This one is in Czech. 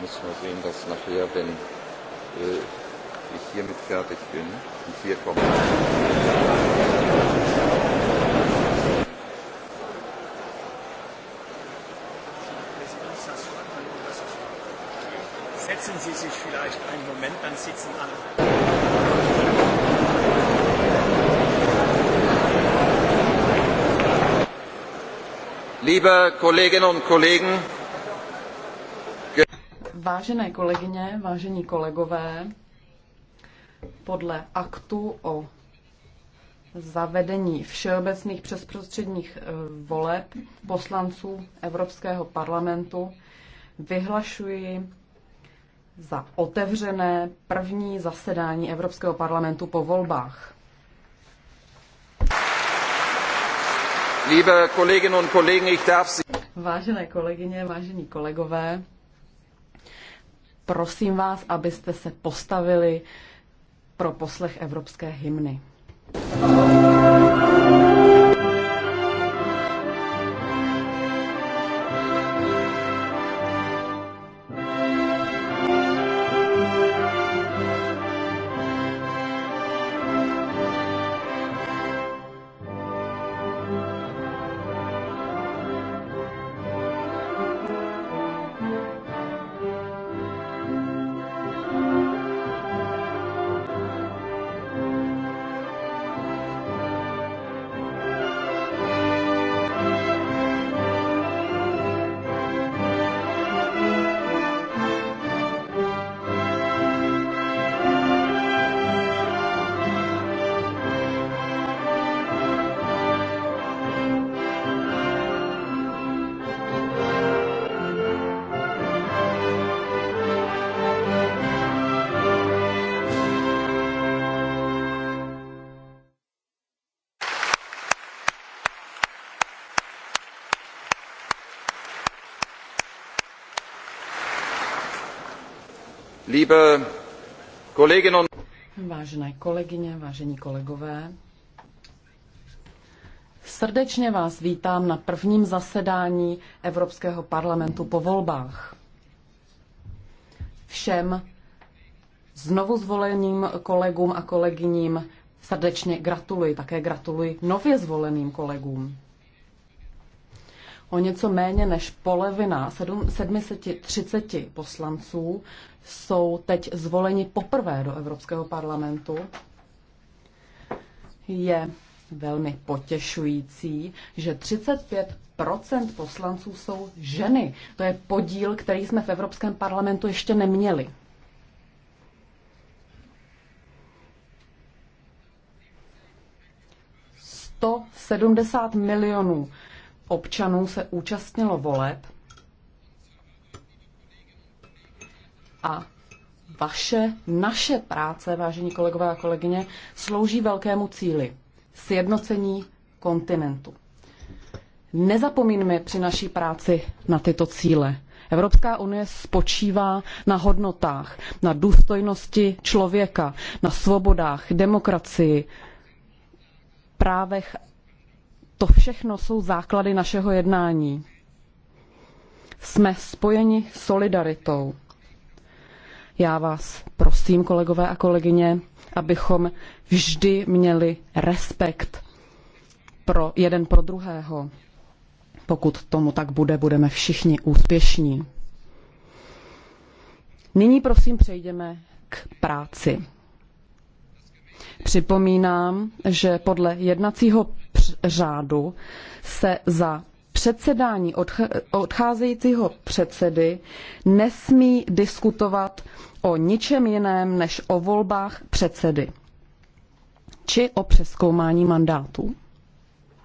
müssen wir sehen, dass nachher, wenn äh, ich hiermit fertig bin, die vier kommen. Setzen Sie sich vielleicht einen Moment, dann sitzen alle. liebe kolleginnen und kollegen! Vážené kolegyně, vážení kolegové, podle aktu o zavedení všeobecných přesprostředních eh, voleb poslanců Evropského parlamentu vyhlašuji za otevřené první zasedání Evropského parlamentu po volbách. Liebe Kolleginnen und Kollegen, ich darf Sie Vážené kolegyně, vážení kolegové, prosím vás, abyste se postavili pro poslech evropské hymny. Vážené kolegyně, vážení kolegové, srdečně vás vítám na prvním zasedání Evropského parlamentu po volbách. Všem znovu zvoleným kolegům a kolegyním srdečně gratuluji, také gratuluji nově zvoleným kolegům o něco méně než polovina 730 poslanců jsou teď zvoleni poprvé do Evropského parlamentu, je velmi potěšující, že 35 poslanců jsou ženy. To je podíl, který jsme v Evropském parlamentu ještě neměli. Sto milionů občanů se účastnilo voleb a vaše, naše práce, vážení kolegové a kolegyně, slouží velkému cíli sjednocení kontinentu. Nezapomínme při naší práci na tyto cíle. Evropská unie spočívá na hodnotách, na důstojnosti člověka, na svobodách, demokracii, právech to všechno jsou základy našeho jednání. Jsme spojeni solidaritou. Já vás prosím, kolegové a kolegyně, abychom vždy měli respekt pro jeden pro druhého. Pokud tomu tak bude, budeme všichni úspěšní. Nyní prosím přejdeme k práci. Připomínám, že podle jednacího řádu se za předsedání odcházejícího předsedy nesmí diskutovat o ničem jiném než o volbách předsedy či o přeskoumání mandátu.